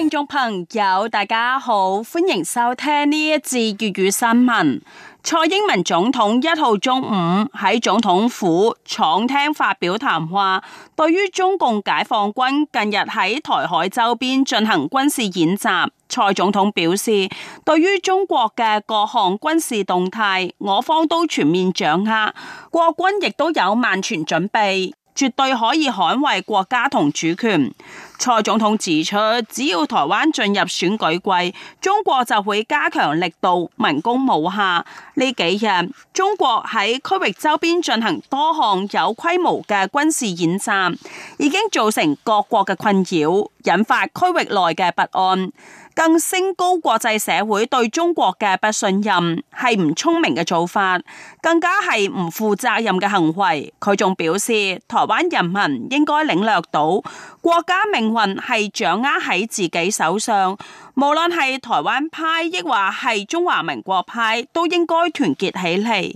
聽眾朋友，大家好，歡迎收聽呢一節粵語新聞。蔡英文總統一號中午喺總統府敞廳發表談話，對於中共解放軍近日喺台海周邊進行軍事演習，蔡總統表示，對於中國嘅各項軍事動態，我方都全面掌握，國軍亦都有萬全準備。絕對可以捍衛國家同主權。蔡總統指出，只要台灣進入選舉季，中國就會加強力度，文攻武嚇。呢幾日，中國喺區域周邊進行多項有規模嘅軍事演習，已經造成各國嘅困擾，引發區域內嘅不安。更升高國際社會對中國嘅不信任，係唔聰明嘅做法，更加係唔負責任嘅行為。佢仲表示，台灣人民應該領略到國家命運係掌握喺自己手上。無論係台灣派，亦或係中華民國派，都應該團結起嚟。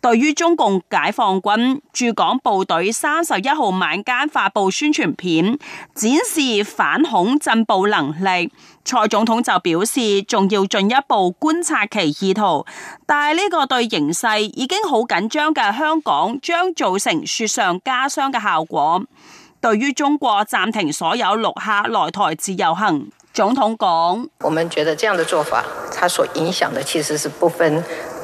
對於中共解放軍駐港部隊三十一號晚間發佈宣傳片，展示反恐進步能力，蔡總統就表示仲要進一步觀察其意圖。但係呢個對形勢已經好緊張嘅香港，將造成雪上加霜嘅效果。對於中國暫停所有陸客來台自由行。總統講，我們覺得這樣的做法，它所影響的其實是不分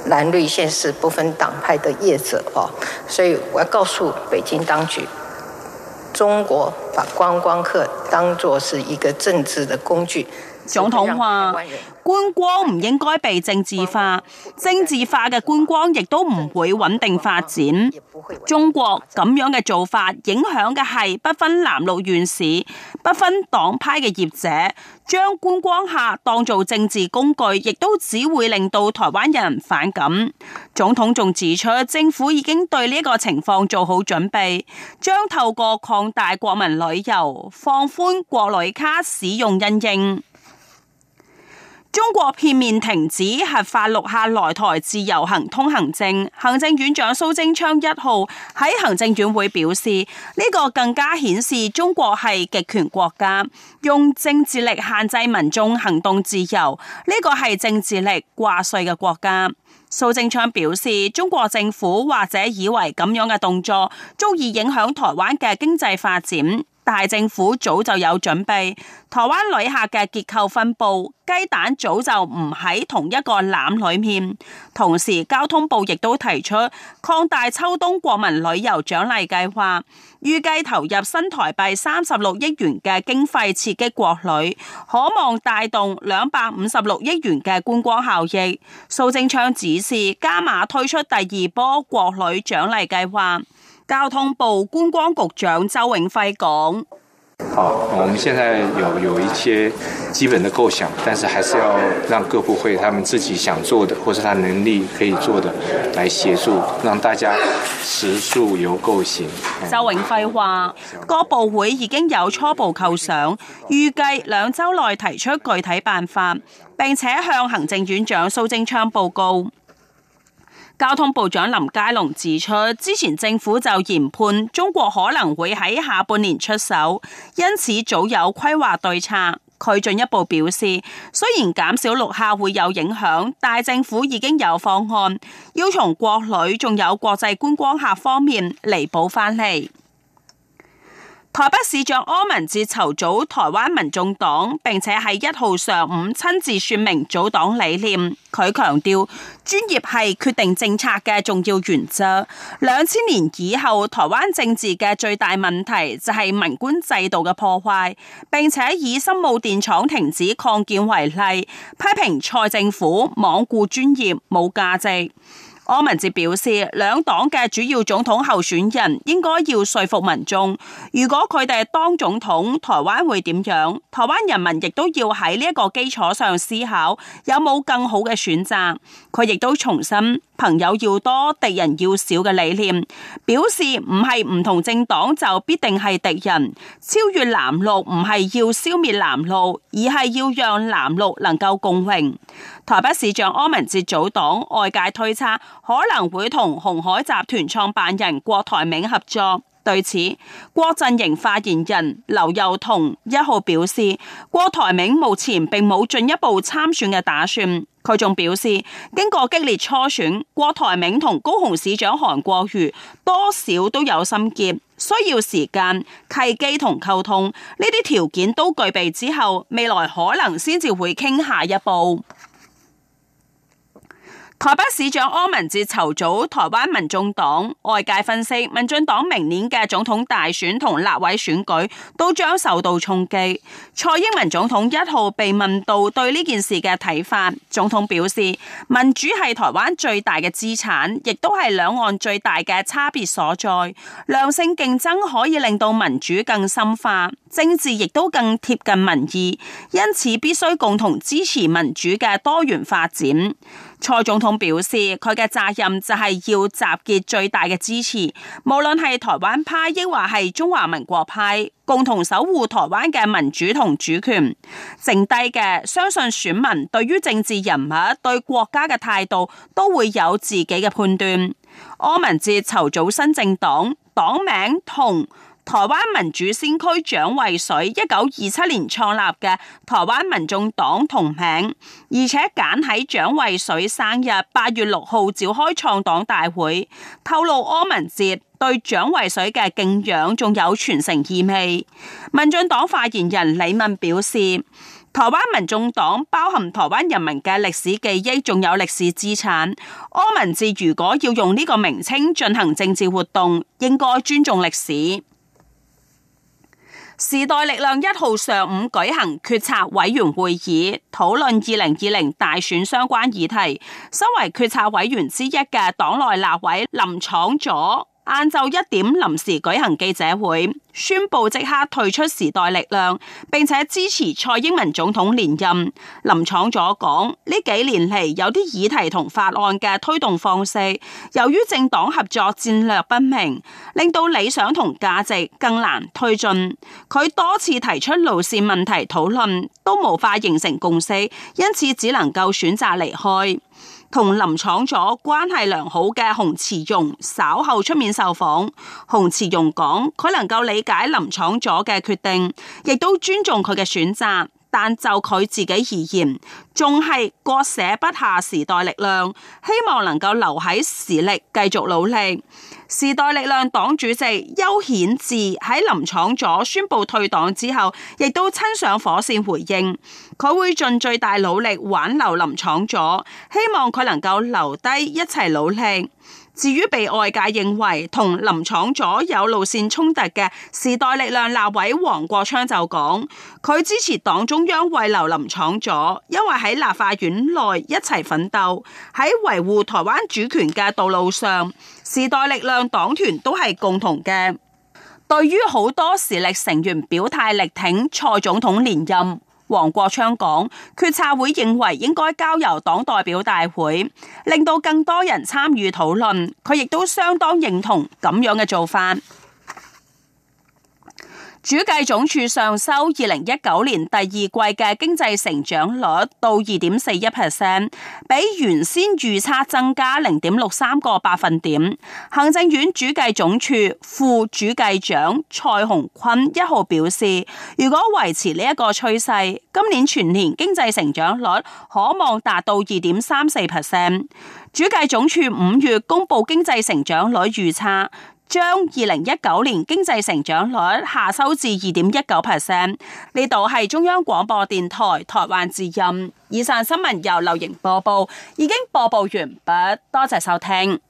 藍綠縣市、不分黨派的業者哦，所以我要告訴北京當局，中國把觀光客當作是一個政治的工具。總統話，觀光唔應該被政治化，政治化嘅觀光亦都唔會穩定發展。中國咁樣嘅做法影響嘅係不分藍綠縣市、不分黨派嘅業者，將觀光客當做政治工具，亦都只會令到台灣人反感。總統仲指出，政府已經對呢個情況做好準備，將透過擴大國民旅遊、放寬國旅卡使用，因應。中國片面停止核發陸客來台自由行通行證，行政院長蘇貞昌一號喺行政院會表示，呢、這個更加顯示中國係極權國家，用政治力限制民眾行動自由，呢、這個係政治力掛帥嘅國家。蘇貞昌表示，中國政府或者以為咁樣嘅動作，足以影響台灣嘅經濟發展。大政府早就有準備，台灣旅客嘅結構分布，雞蛋早就唔喺同一個籃裏面。同時，交通部亦都提出擴大秋冬國民旅遊獎勵計劃，預計投入新台幣三十六億元嘅經費刺激國旅，可望帶動兩百五十六億元嘅觀光效益。蘇貞昌指示加碼推出第二波國旅獎勵計劃。交通部觀光局長周永輝講：好，哦，我們現在有有一些基本的構想，但是還是要讓各部會他們自己想做的，或是他能力可以做的，來協助讓大家食宿遊購行。嗯、周永輝話：各部會已經有初步構想，預計兩週內提出具體辦法，並且向行政院長蘇貞昌報告。交通部長林佳龍指出，之前政府就研判中國可能會喺下半年出手，因此早有規劃對策。佢進一步表示，雖然減少陸客會有影響，但政府已經有方案，要從國旅仲有國際觀光客方面彌補返嚟。台北市長柯文哲籌組台灣民眾黨，並且喺一號上午親自說明組黨理念。佢強調專業係決定政策嘅重要原則。兩千年以後，台灣政治嘅最大問題就係民官制度嘅破壞，並且以深澳電廠停止擴建為例，批評蔡政府罔顧專業，冇價值。柯文哲表示，兩黨嘅主要總統候選人應該要說服民眾，如果佢哋當總統，台灣會點樣？台灣人民亦都要喺呢一個基礎上思考，有冇更好嘅選擇？佢亦都重申：朋友要多，敵人要少嘅理念，表示唔係唔同政黨就必定係敵人。超越藍綠唔係要消滅藍綠，而係要讓藍綠能夠共榮。台北市長柯文哲組黨，外界推測可能會同鴻海集團創辦人郭台銘合作。對此，郭陣營發言人劉宥彤一號表示，郭台銘目前並冇進一步參選嘅打算。佢仲表示，經過激烈初選，郭台銘同高雄市長韓國瑜多少都有心結，需要時間、契機同溝通，呢啲條件都具備之後，未來可能先至會傾下一步。台北市長柯文哲籌組台灣民眾黨，外界分析，民進黨明年嘅總統大選同立委選舉都將受到衝擊。蔡英文總統一號被問到對呢件事嘅睇法，總統表示，民主係台灣最大嘅資產，亦都係兩岸最大嘅差別所在。良性競爭可以令到民主更深化，政治亦都更貼近民意，因此必須共同支持民主嘅多元發展。蔡總統表示，佢嘅責任就係要集結最大嘅支持，無論係台灣派，抑或係中華民國派，共同守護台灣嘅民主同主權。剩低嘅，相信選民對於政治人物對國家嘅態度都會有自己嘅判斷。柯文哲籌組新政黨，黨名同台灣民主先驅蔣渭水一九二七年創立嘅台灣民眾黨同名，而且揀喺蔣渭水生日八月六號召開創黨大會，透露柯文哲對蔣渭水嘅敬仰，仲有傳承意味。民進黨發言人李問表示，台灣民眾黨包含台灣人民嘅歷史記憶，仲有歷史資產。柯文哲如果要用呢個名稱進行政治活動，應該尊重歷史。時代力量一號上午舉行決策委員會議，討論二零二零大選相關議題。身為決策委員之一嘅黨內立委林昶佐。晏晝一點臨時舉行記者會，宣布即刻退出時代力量，並且支持蔡英文總統連任。林昶佐講：呢幾年嚟有啲議題同法案嘅推動方式，由於政黨合作戰略不明，令到理想同價值更難推進。佢多次提出路線問題討論，都無法形成共識，因此只能夠選擇離開。同林昶佐關係良好嘅洪慈庸稍後出面受訪，洪慈庸講：佢能夠理解林昶佐嘅決定，亦都尊重佢嘅選擇。但就佢自己而言，仲係割捨不下時代力量，希望能夠留喺時力繼續努力。時代力量黨主席邱顯智喺林昶佐宣布退黨之後，亦都親上火線回應，佢會盡最大努力挽留林昶佐，希望佢能夠留低一齊努力。至於被外界認為同林昶佐有路線衝突嘅時代力量立委黃國昌就講，佢支持黨中央慰留林昶佐，因為喺立法院內一齊奮鬥，喺維護台灣主權嘅道路上，時代力量黨團都係共同嘅。對於好多時力成員表態力挺，蔡總統連任。黃國昌講，決策會認為應該交由黨代表大會，令到更多人參與討論。佢亦都相當認同咁樣嘅做法。主計總處上修二零一九年第二季嘅經濟成長率到二點四一 percent，比原先預測增加零點六三個百分點。行政院主計總處副主計長蔡鴻坤一號表示，如果維持呢一個趨勢，今年全年經濟成長率可望達到二點三四 percent。主計總處五月公布經濟成長率預測，將二零一九年經濟成長率下修至二點一九 percent，呢度係中央廣播電台台灣之音。以上新聞由劉瑩播報，已經播報完畢，多謝收聽。